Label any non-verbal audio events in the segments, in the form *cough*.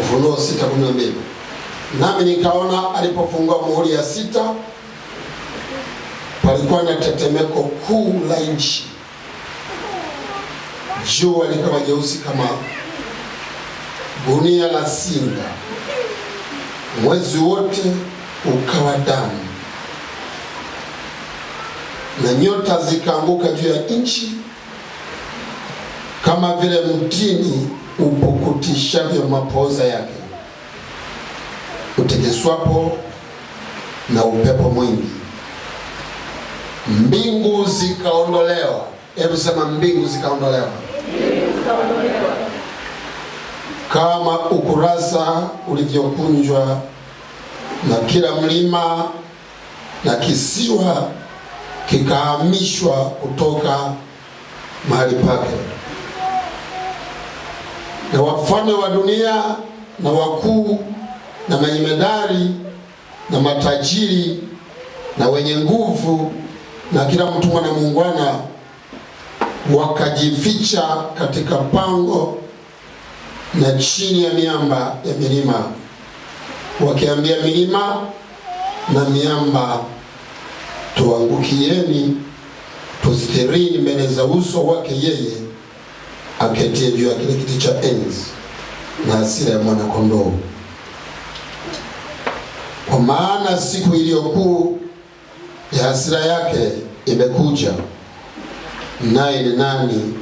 Ufunuo mbili Nami nikaona alipofungua muhuri ya sita, palikuwa na tetemeko kuu la nchi, jua likawa jeusi kama gunia la singa, mwezi wote ukawa damu, na nyota zikaanguka juu ya nchi kama vile mtini upukutishavyo mapooza yake, utegeswapo na upepo mwingi, mbingu zikaondolewa. Hebu sema mbingu zikaondolewa, kama ukurasa ulivyokunjwa, na kila mlima na kisiwa kikahamishwa kutoka mahali pake na wafalme wa dunia na wakuu na majemadari na matajiri na wenye nguvu na kila mtu mwana muungwana wakajificha katika pango na chini ya miamba ya milima, wakiambia milima na miamba, tuangukieni, tusitirini mbele za uso wake yeye aketie juu ya kile kiti cha enzi na hasira ya mwana kondoo. Kwa maana siku iliyokuu ya hasira yake imekuja, naye ni nani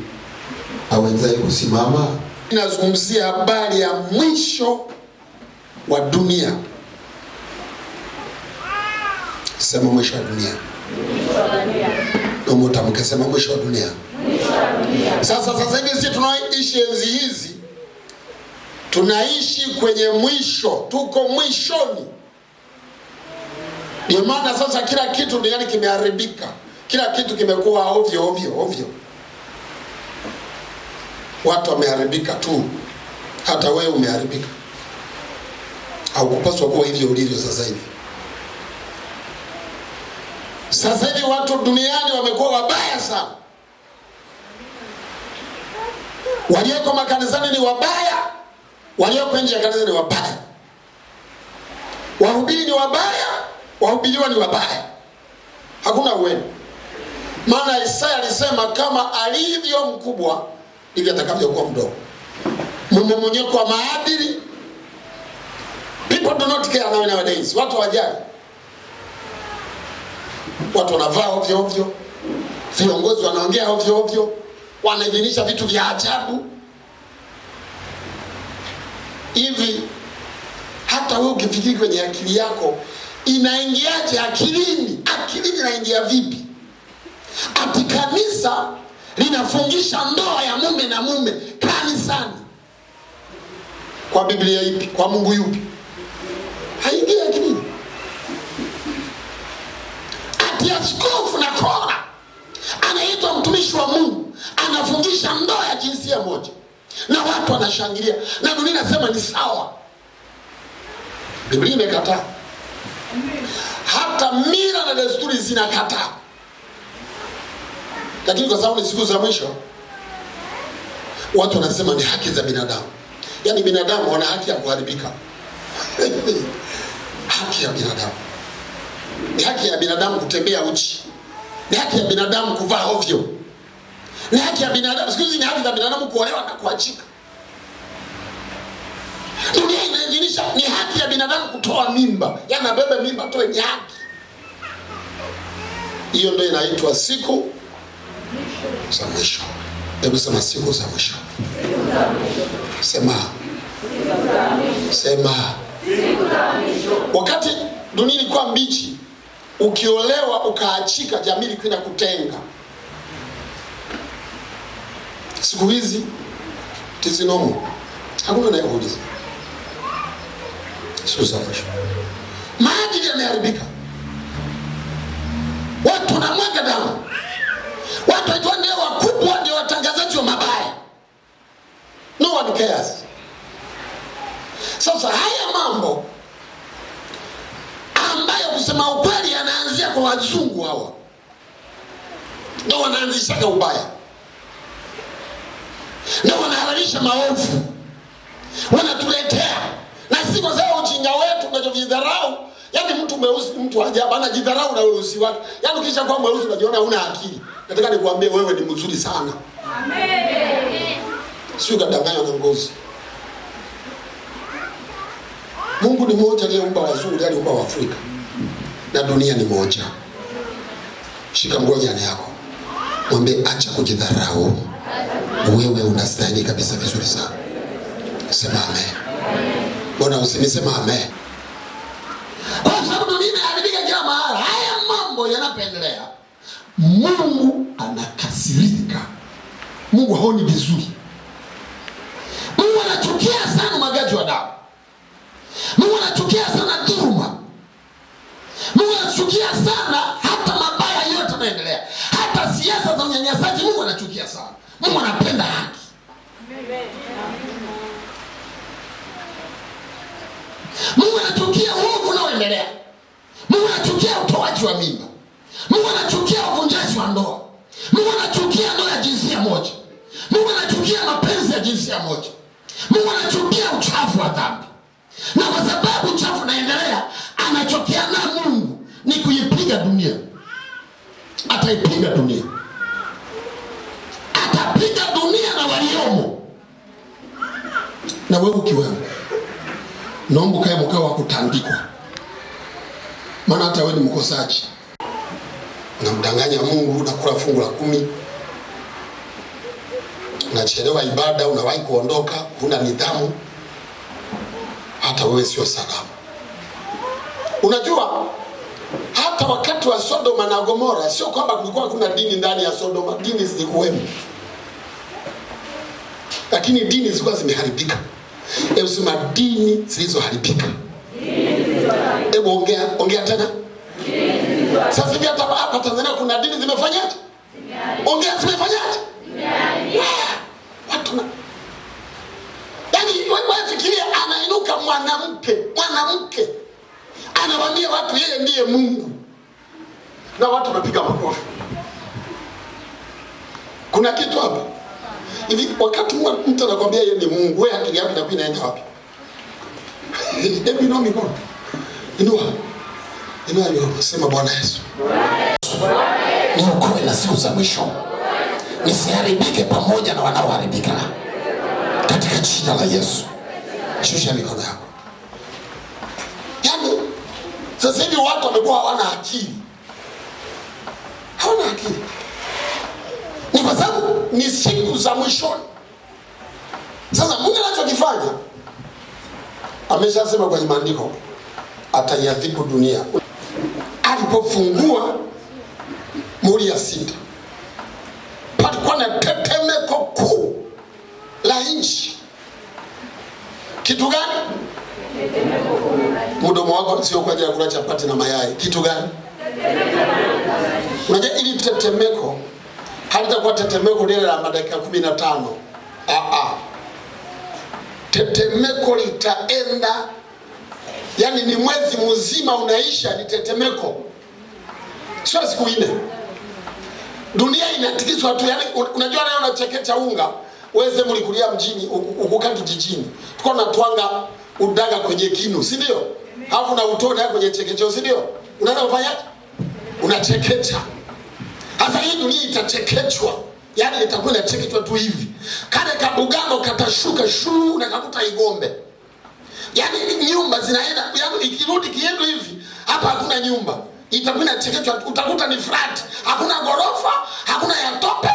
awezaye kusimama? Inazungumzia habari ya mwisho wa dunia. Sema mwisho wa dunia, umetamke. Sema mwisho wa dunia. Sasa sasa hivi sisi tunaishi enzi hizi, tunaishi kwenye mwisho, tuko mwishoni. Ndio maana sasa kila kitu duniani kimeharibika, kila kitu kimekuwa ovyo ovyo ovyo, watu wameharibika tu. Hata wewe umeharibika, haukupaswa kuwa hivyo ulivyo sasa hivi. Sasa hivi watu duniani wamekuwa wabaya sana. Walioko makanisani ni wabaya, walioko nje ya kanisa ni wabaya, wahubiri ni wabaya, wahubiriwa ni wabaya, hakuna uwema. Maana Isaya alisema kama alivyo mkubwa ndivyo atakavyokuwa mdogo. Mmomonyoko wa maadili, people do not care now nowadays. Watu hawajali, watu wanavaa ovyo ovyo, viongozi wanaongea ovyo ovyo wanaidhinisha vitu vya ajabu hivi. Hata wewe ukifikiri kwenye akili yako inaingiaje? Akilini, akilini inaingia vipi? Ati kanisa linafungisha ndoa ya mume na mume kanisani, kwa Biblia ipi? Kwa Mungu yupi? Haingia akilini. Ati askofu na kora anaitwa mtumishi wa Mungu anafungisha ndoa ya jinsia moja, na watu wanashangilia, na dunia inasema ni sawa. Biblia imekataa, hata mila na desturi zinakataa, lakini kwa sababu ni siku za mwisho, watu wanasema ni haki za binadamu. Yaani binadamu wana haki ya kuharibika *laughs* haki ya binadamu ni haki ya binadamu kutembea uchi, ni haki ya binadamu kuvaa ovyo ni haki ya binadamu. Siku hizi ni haki za binadamu kuolewa na kuachika. Dunia inaidhinisha ni haki ya binadamu kutoa mimba, yaani abebe mimba toe, ni haki hiyo. Ndio inaitwa siku za mwisho. Hebu sema siku za mwisho, sema sema. Wakati dunia ilikuwa mbichi, ukiolewa ukaachika, jamii ilikuwa inakutenga. Siku hizi tizinomo hakuna anayekuuliza susafisho, maadili yameharibika, watu wanamwaga damu, watu waitwa ndio wakubwa, ndio watangazaji wa mabaya, no one cares. Sasa haya mambo ambayo kusema ukweli yanaanzia kwa wazungu hawa, ndio wanaanzishaga ubaya na wanahalalisha maovu, wanatuletea na siku zao ujinga wetu unachovidharau. Yaani mtu mweusi, mtu ajabu anajidharau na weusi wake. Yaani ukisha kuwa mweusi unajiona huna akili. Nataka nikuambie wewe ni mzuri sana. Amen. Sio kadanganywa na ngozi. Mungu ni mmoja aliyeumba wazuri, aliumba wa Afrika. na dunia ni moja. Shika mgojani yako, mwambie acha kujidharau wewe unastahili kabisa vizuri sana. Sema amen. Mbona usinisema amen? Kwa sababu dunia inaharibika kila mahali, haya mambo yanapendelea. Mungu anakasirika, Mungu haoni vizuri, Mungu anachukia sana magaji wa damu, Mungu anachukia sana dhuluma, Mungu anachukia sana hata mabaya yote yanaendelea, hata siasa za unyanyasaji Mungu anachukia sana. Mungu anapenda haki. Mungu anachukia uovu unaoendelea. Mungu anachukia utoaji wa mimba. Mungu anachukia uvunjaji wa ndoa. Mungu anachukia ndoa ya jinsia moja. Mungu anachukia mapenzi ya jinsia moja. Mungu anachukia uchafu wa dhambi, na kwa sababu uchafu unaendelea, anachokiana Mungu ni kuipiga dunia, ataipiga dunia katika dunia na waliomo, na wewe ukiwemo, naomba kae mkao wa kutandikwa, maana hata wewe ni mkosaji, unamdanganya Mungu, unakula fungu la kumi, unachelewa ibada, unawahi kuondoka, huna nidhamu, hata wewe sio salama. Unajua hata wakati wa Sodoma na Gomora sio kwamba kulikuwa kuna dini ndani ya Sodoma, dini zilikuwemo lakini dini zilikuwa zimeharibika. Hebu sema dini zilizoharibika. Hebu ongea ongea tena. Sasa hivi hata hapa Tanzania kuna dini zimefanyaje? Ongea zimefanyaje? Watu yaani, wewe fikiria, anainuka mwanamke mwanamke anawambia watu yeye ndiye Mungu na watu wanapiga makofi. Kuna kitu hapa. Hivi wakati mtu anakwambia yeye ni Mungu, wewe akili yako inakuwa inaenda wapi? *laughs* Hebu inua mikono. Inua. Inua leo sema Bwana Yesu. Niokoe na siku za mwisho. Nisiharibike pamoja na wanaoharibika. Katika jina la Yesu. Shusha mikono yako. Yaani sasa hivi watu wamekuwa hawana akili. Hawana akili. Ni kwa sababu ni siku za mwishoni. Sasa Mungu anachokifanya ameshasema kwenye maandiko, ataiadhibu dunia. Alipofungua muri ya sita, palikuwa na tetemeko kuu la nchi. Kitu gani? Mdomo wako sio kwa ajili ya kula chapati na mayai. Kitu gani? Unajua ili tetemeko halitakuwa tetemeko lile la madakika kumi na tano. Aa, ah, ah. tetemeko litaenda, yani ni mwezi mzima unaisha, ni tetemeko, sio siku nne. Dunia inatikiswa tu, yani unajua, nayo unachekecha unga weze mulikulia mjini ukuka kijijini, tuko natwanga udaga kwenye kinu, si ndio? Alafu na utone kwenye chekecheo, si ndio? Unaweza kufanyaje? Unachekecha sasa hii dunia itachekechwa, yani itakuwa inachekechwa tu hivi, kale kabugano katashuka shuu na kakuta Igombe, yani nyumba zinaenda, yani ikirudi kiendo hivi, hapa hakuna nyumba, itakuwa inachekechwa, utakuta ni flat, hakuna ghorofa, hakuna ya tope,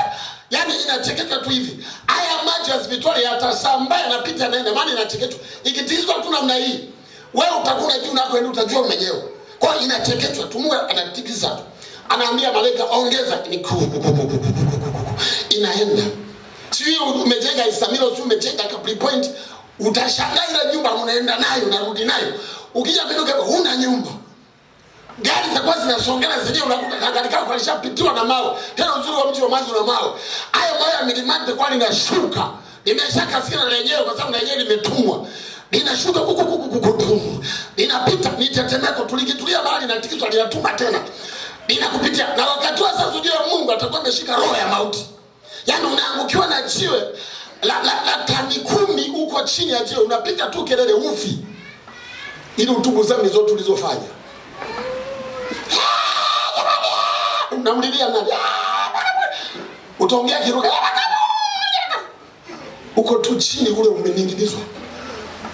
yani inachekechwa tu hivi. Haya maji ya hospitali yatasambaa, yanapita, yanaenda, maana inachekechwa, ikitizwa tu namna hii, wewe utakuwa unajua unakwenda utajua mwenyewe, kwa inachekechwa tu, Mungu anatikisa tu anaambia malaika ongeza, ni inaenda. sio umejenga Isamilo, sio umejenga Capri Point, utashangaa ile nyumba unaenda nayo unarudi nayo, ukija kama huna nyumba gari za zitakuwa zinasongana zenyewe, unakuta gari kwa kalishapitiwa na mawe. Tena uzuri wa mji wa mazi na mawe, haya mawe ya milimani itakuwa linashuka, limeshakasika lenyewe, kwa sababu lenyewe limetumwa, linashuka kuku kuku kuku, linapita ni tulikitulia mahali linatikiswa, linatuma tena bila kupitia, na wakati wa sasa ujio wa Mungu atakuwa ameshika roho ya mauti, yaani unaangukiwa na jiwe la, la, la tani kumi huko chini ya jiwe, unapiga tu kelele ufi, ili utubu zambi zote ulizofanya. Unamlilia nani? Utaongea kiruka huko tu chini, ule umening'inizwa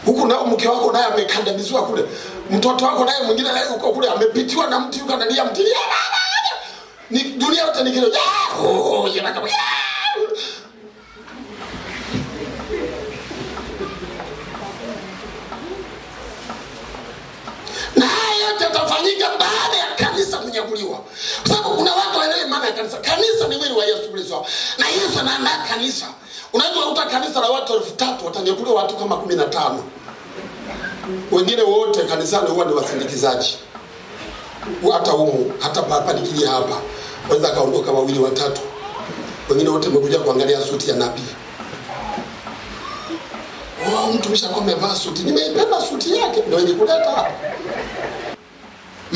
huku, nao mke wako naye amekandamizwa kule mtoto wako naye mwingine naye uko kule amepitiwa na mti yuko analia mti ya baba ni dunia yote ni kile oh, yana kama na haya yote yatafanyika baada ya kanisa kunyakuliwa, kwa sababu kuna watu waelewi maana ya kanisa. Kanisa ni mwili wa Yesu Kristo na Yesu anaandaa kanisa. Unaweza kukuta kanisa la watu elfu tatu watanyakuliwa watu kama kumi wengine wote kanisani huwa ni wasindikizaji, hata humu, hata papa nikilia hapa waweza kaondoka wawili watatu, wengine wote mmekuja kuangalia suti ya nabii. Oh, mtumishi amevaa suti, nimeipenda suti yake, ndio kuleta hapa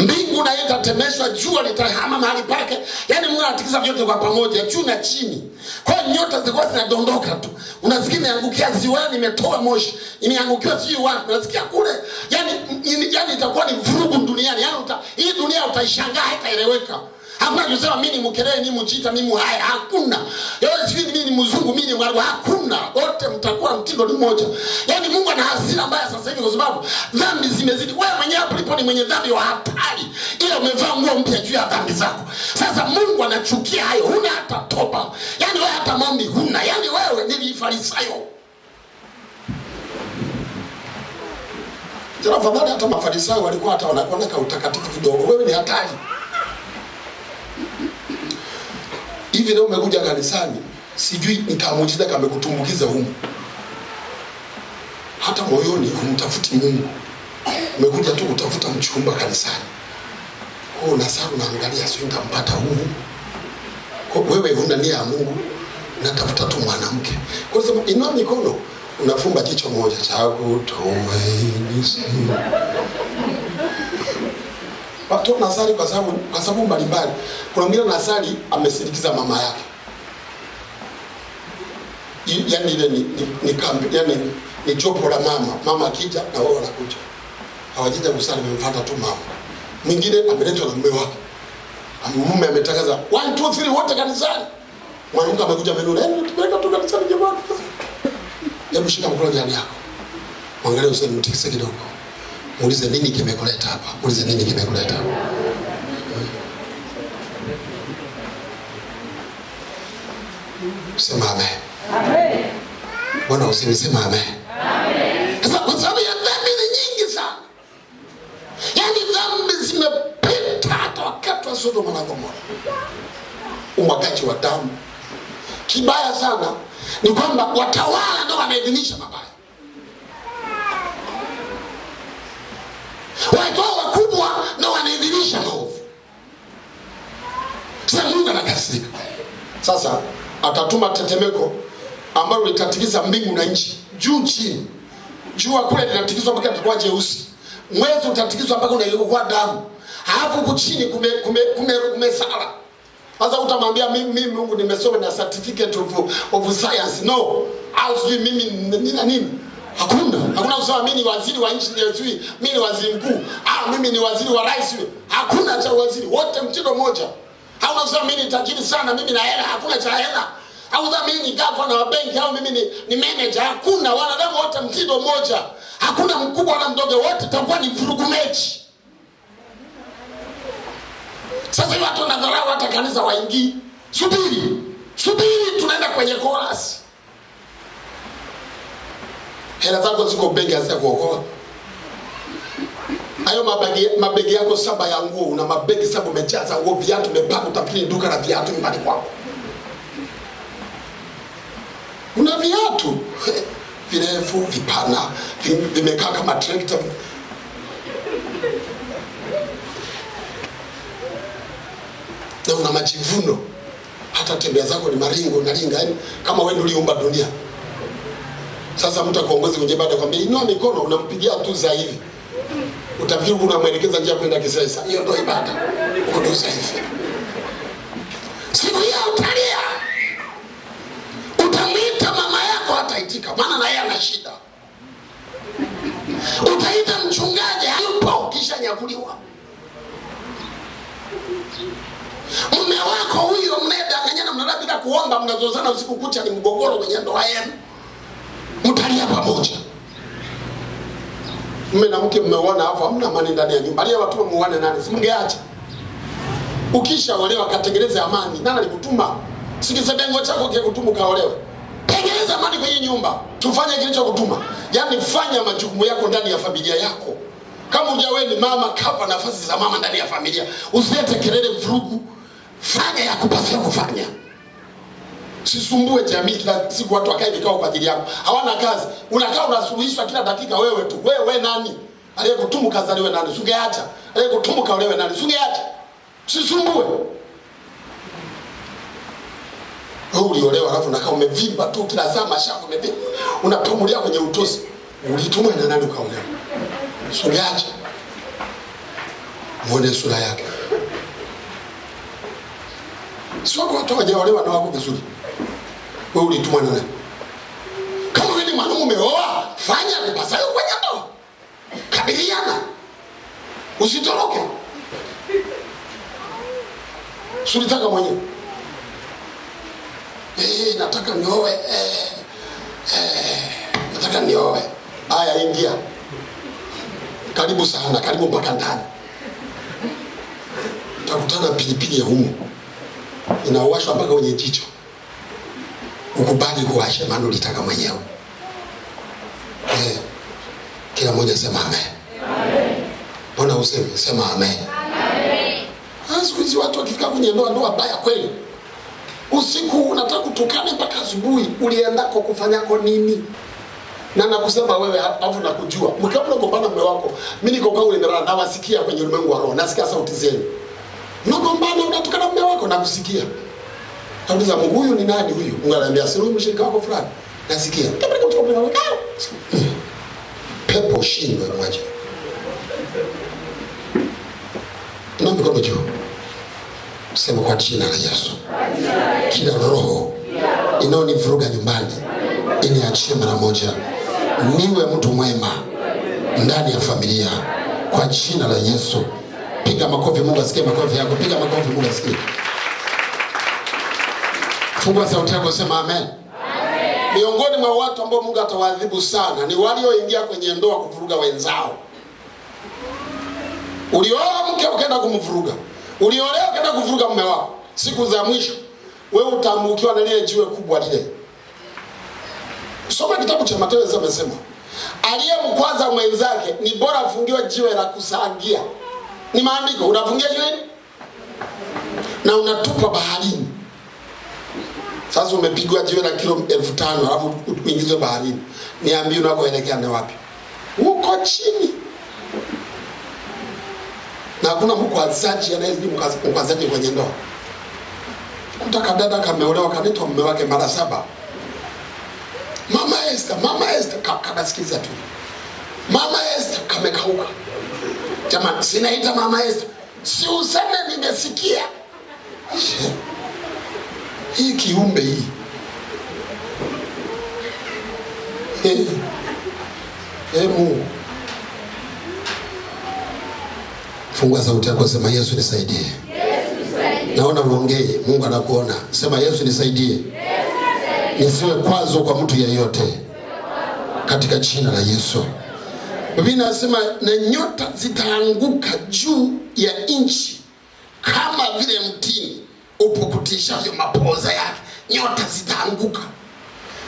mbingu na itatemeshwa, jua litahama mahali pake. Yani Mungu anatikisa vyote kwa pamoja, juu na chini. Kwa hiyo nyota zilikuwa zinadondoka tu, unasikia imeangukia ziwani, imetoa moshi, imeangukia sijui wapi, unasikia kule. Yani, yani itakuwa ni vurugu duniani. Yani hii dunia utaishangaa, haitaeleweka. Hakuna kusema mimi ni Mkerere, mimi Mchita, mimi haya hakuna. Yote yaani sivyo mimi ni Mzungu, mimi ni Mwarwa, hakuna. Wote mtakuwa mtindo ni mmoja. Yaani Mungu ana hasira mbaya sasa hivi kwa sababu dhambi zimezidi. Wewe mwenyewe hapo ulipo ni mwenye dhambi wa hatari. Ila umevaa nguo mpya juu ya dhambi zako. Sasa Mungu anachukia hayo. Huna hata toba. Yaani wewe hata maombi huna. Yaani wewe ni Farisayo. Jana hata Mafarisayo walikuwa hata wanakuwa na utakatifu kidogo. Wewe ni hatari. hivi leo umekuja kanisani, sijui nikamuujiza kamekutumbukiza humu, hata moyoni umtafuti Mungu, umekuja tu kutafuta mchumba kanisani. Kwa hiyo nasali, unaangalia sio nitampata humu, kwa wewe huna nia ya Mungu, natafuta tu mwanamke. Kwa sababu inua mikono, unafumba jicho moja chako tumaini Watoto nasali kwa sababu kwa sababu mbalimbali. Kuna mwingine nasali amesindikiza mama yake. Yaani ile ni ni, ni kambi, yaani ni jopo la mama. Mama akija na wao wanakuja. hawajija kusali wamemfuata tu mama. Mwingine ameletwa na mume wake. Mume ametangaza 1 2 3 wote kanisani. Mwanamke amekuja mbele, "Eh, tupeleka tu kanisani jamani." Hebu shika mkono jirani yako. Mwangalie usinitikise kidogo. Ulize nini kimekuleta hapa, ulize nini kimekuleta hapa. Sema amen. Amen. Bwana sema amen. Amen. Sasa kwa sababu ya dhambi ni nyingi sana. Yaani dhambi zimepita hata wakati wa Sodoma na Gomora. Umwagaji wa damu. Kibaya sana ni kwamba watawala ndio wameidhinisha waitao wakubwa na wanaidhinisha maovu. Sasa Mungu anakasirika. Sasa atatuma tetemeko ambalo litatikisa mbingu na nchi, juu chini. Jua kule linatikiswa mpaka litakuwa jeusi, mwezi utatikiswa mpaka unaikuwa damu, Hapo huku chini kume kume kume, kume sala. Sasa utamwambia mimi, mimi Mungu nimesoma na certificate of, of science no au sijui mimi nina nini Hakuna, hakuna kusema mimi ni waziri wa nchi ya Zui, mimi ni waziri mkuu, ah, mimi ni waziri wa rais. Hakuna cha waziri, wote mtindo mmoja. Hakuna kusema mimi ni tajiri sana, mimi na hela, hakuna cha hela. Au unasema mimi ni gavana wa benki au mimi ni, ni manager, hakuna. Wanadamu wote mtindo mmoja. Hakuna mkubwa na mdogo, wote tutakuwa ni vurugu mechi. Sasa hivi watu wanadharau hata kanisa waingii. Subiri. Subiri tunaenda kwenye chorus hela zako ziko begi hazijakuokoa. Hayo mabegi, mabegi yako saba ya nguo, na mabegi saba umejaza nguo, viatu umepaka, utafikiri duka la viatu nyumbani kwako. Una viatu *laughs* virefu, vipana, vimekaa kama trekta. Na una majivuno, hata tembea zako ni maringo, unaringa yani kama wewe ndio uliumba dunia. Sasa mtu akuongozi kwenye ibada kwambia inua mikono, unampigia tu za hivi, utafikiri unamwelekeza njia kwenda kisasa. Hiyo ndio ibada, kuduza hivi. Siku hiyo utalia, utamwita mama yako, hataitika maana na yeye ana shida. Utaita mchungaji, hayupo, kisha nyakuliwa mume wako huyo mnayedanganyana, mnalala bila kuomba, mnazozana usiku kucha, ni mgogoro kwenye ndoa yenu mtalia pamoja. Mme na mke mmeona, hapo hamna amani ndani ya nyumba. watu muone nani? Simngeacha. Ukishaolewa katengeneze amani. Nani alikutuma? bengo chako kutumu kaolewe. Tengeneza amani kwenye nyumba, tufanye kutuma. Yaani fanya majukumu yako ndani ya familia yako. Kama ujawe ni mama, kapa nafasi za mama ndani ya familia. Usilete kelele, vurugu. Fanya ya kupasa kufanya. Sisumbue jamii, kila siku watu wakae vikao kwa ajili yako, hawana kazi. Unakaa unasuluhishwa kila dakika, wewe tu. Wewe nani aliyekutumu kazaliwe nani? Usingeacha aliyekutumu kaolewe nani? Usingeacha. sisumbue. wewe. Uliolewa alafu unakaa umevimba tu kila saa, mashavu umevimba, unapumulia kwenye utosi. Ulitumwa na nani ukaolewa? Usingeacha. Muone sura yake, sio kwa watu hawajaolewa na wako vizuri wewe ulitumwa na nani? Kama wewe ni mwanamume umeoa, fanya lipasayo kwenye ndoa, kabiliana, usitoroke. Sulitaka mwenyewe eh, nataka nioe eh, eh, nataka nioe. Aya, ingia karibu sana, karibu mpaka ndani, utakutana pilipili ya humu inawashwa mpaka kwenye jicho Ukubali kuwasha, maana ulitaka mwenyewe. Eh, kila mmoja sema amen. Amen. Bwana useme sema amen? Amen. Ah, siku hizi watu wakifika kwenye ndoa, ndoa baya kweli. Usiku unataka kutukane mpaka asubuhi, uliendako kufanyako nini? na nakusema wewe alafu nakujua, mkiwa mnagombana mume wako, mimi niko kwa ule na wasikia kwenye ulimwengu wa roho, nasikia sauti zenu mnagombana, unatukana mume wako, nakusikia. Kauliza Mungu huyu ni nani huyu? Mungu ananiambia si huyu mshirika wako fulani. Nasikia. Kapeleka mtu Pepo ushindwe mwaje. Na mikono juu. Sema kwa jina la Yesu. Kila roho inayonivuruga nyumbani iniachie mara moja. Niwe mtu mwema ndani ya familia kwa jina la Yesu. Piga makofi, Mungu asikie makofi yako. Piga makofi, Mungu asikie. Fungua sauti yako, sema amen. Miongoni mwa watu ambao Mungu atawaadhibu sana ni walioingia kwenye ndoa kuvuruga wenzao. Ulioa mke ukaenda kumvuruga, uliolewa ukaenda kuvuruga mume wako, siku za mwisho wewe utaangukiwa na lile jiwe kubwa lile. Soma kitabu cha Mathayo, amesema aliyemkwaza mwenzake ni bora afungiwe jiwe la kusagia. Ni maandiko, unafungia jiwe na unatupwa baharini. Sasa umepigwa jiwe la kilo elfu tano halafu uingizwe baharini, niambie unakoelekea ni wapi? Uko chini na hakuna mkwazaji anayezidi mkwazaji kwenye ndoa. Kuta dada kameolewa kanitwa mume wake mara saba, mama Esther, mama Esther, kanasikiliza tu mama Esther, kamekauka. Jamani, sinaita mama Esther, si useme nimesikia hii kiumbe hii hey. Hey, Mungu fungua sauti yako, sema Yesu nisaidie. Yesu nisaidie. Naona unaongee, Mungu anakuona. Sema Yesu nisaidie, nisiwe kwazo kwa mtu yeyote, katika jina la Yesu. Biblia inasema na nyota zitaanguka juu ya nchi kama vile mtini upukutishayo mapoza yake, nyota zitaanguka.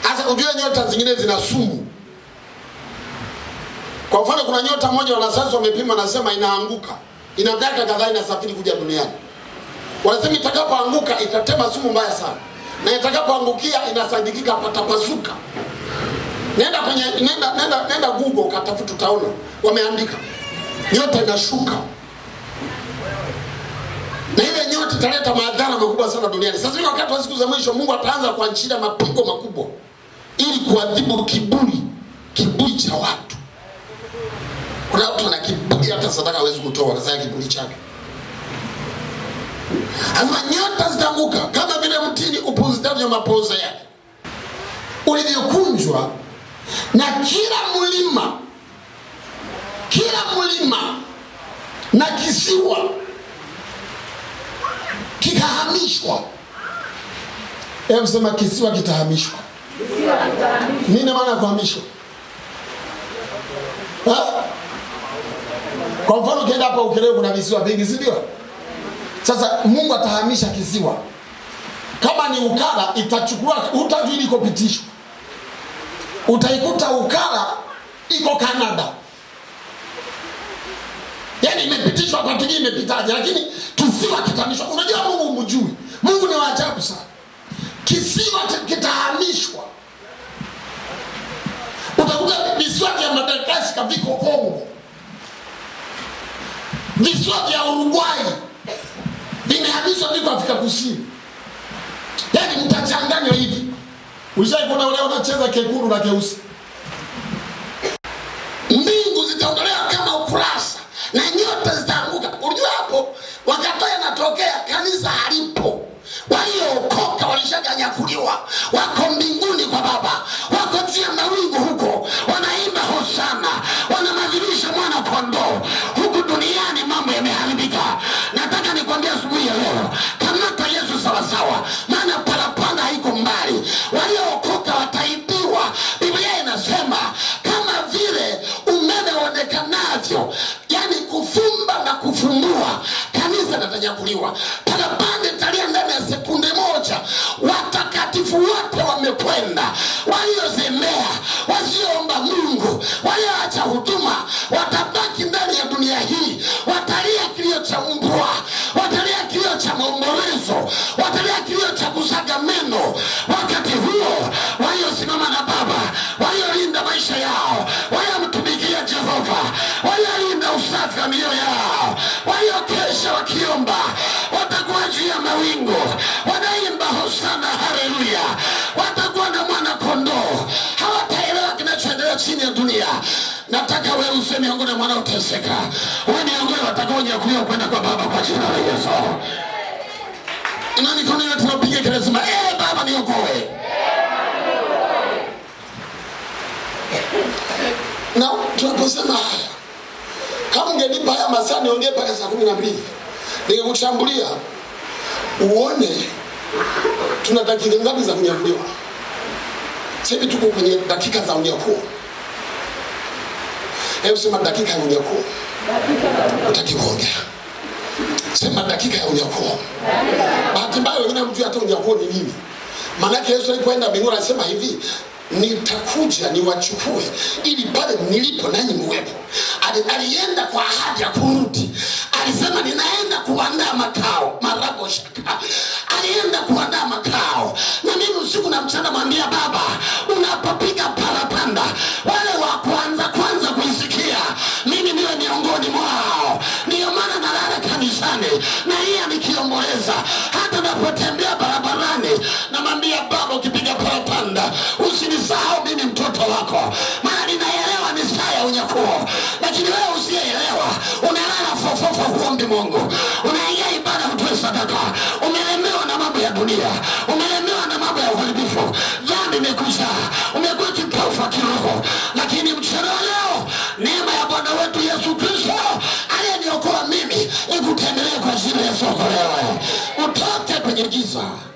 hasa ujue nyota zingine zina sumu. Kwa mfano, kuna nyota moja wanasayansi wamepima, nasema inaanguka, ina kadhaa inasafiri kuja duniani. Wanasema itakapoanguka itatema sumu mbaya sana, na itakapoangukia inasadikika patapasuka. Nenda kwenye nenda, nenda, nenda Google ukatafuta, utaona wameandika nyota inashuka ataleta madhara makubwa sana duniani. Sasa hivi wakati wa siku za mwisho, Mungu ataanza kuachilia mapigo makubwa ili kuadhibu kiburi, kiburi cha watu. Kuna watu wana kiburi, hata sadaka hawezi kutoa, ya kiburi chake. Anasema nyota zitanguka kama vile mtini upuzitavyo mapooza yake ulivyokunjwa, na kila mlima, kila mlima na kisiwa kikahamishwa. Hebu sema kisiwa kitahamishwa. Nini maana ya kuhamishwa? Kwa mfano ukienda hapa Ukerewe kuna visiwa vingi, si ndio? Sasa Mungu atahamisha kisiwa kama ni Ukara, itachukua utajui ilikopitishwa, utaikuta Ukara iko Kanada. Biblia yaani imepitishwa kwa kingine imepitaje, lakini kisiwa kitahamishwa. Unajua Mungu mjui Mungu ni wa ajabu sana. Kisiwa kitahamishwa, utakuta visiwa vya Madagaska viko Kongo, visiwa vya Uruguay vimehamishwa viko Afrika Kusini. Yani mtachanganywa hivi. kuna ule unacheza kekundu na keusi, mbingu zitaondolewa wakati yanatokea kanisa halipo. Waliookoka walishaganyakuliwa, wako mbinguni kwa Baba, wako juu ya mawingu huko, wanaimba hosana, wanamwadhimisha mwana kondoo. hawajanyakuliwa. pande talia ndani ya sekunde moja, watakatifu wote wamekwenda, waliozembea, wasioomba Mungu, walioacha huduma watabaki ndani ya dunia hii. ya chini ya dunia. Nataka wewe usiwe miongoni mwa wanaoteseka, wewe miongoni watakaonyakuliwa kwenda kwa Baba kwa jina la Yesu. Na mikono yote tunapiga kelele sema, eh, Baba niokoe. Na tunaposema kama ungenipa haya masaa niongee mpaka saa kumi na mbili ningekuchambulia uone tuna dakika ngapi za kunyakuliwa. Sasa hivi tuko kwenye dakika za unyakuo. Hebu sema dakika ya unyakuo. Utaki kuongea. Sema dakika ya unyakuo. Bahati mbaya wengine hamjui hata unyakuo ni nini. Maana yake Yesu alipoenda mbinguni alisema hivi, nitakuja niwachukue ili pale nilipo nanyi muwepo. Alienda kwa ahadi ya kurudi. Alisema ninaenda kuandaa makao, marabo shaka. Alienda kuandaa makao. Na mimi usiku na mchana mwambia Baba pattern. Usinisahau mimi mtoto wako, maana ninaelewa misaa ya unyakuo, lakini wewe usiyeelewa unalala fofofo, huombi Mungu, unaingia ibada, hutoe sadaka, umelemewa na mambo ya dunia, umelemewa na mambo ya uharibifu, dhambi imekuja, umekuwa kipofu wa kiroho, lakini mchana wa leo neema ya Bwana wetu Yesu Kristo aliyeniokoa mimi ikutembelee kwa ajili ya sokolewe, utoke kwenye giza.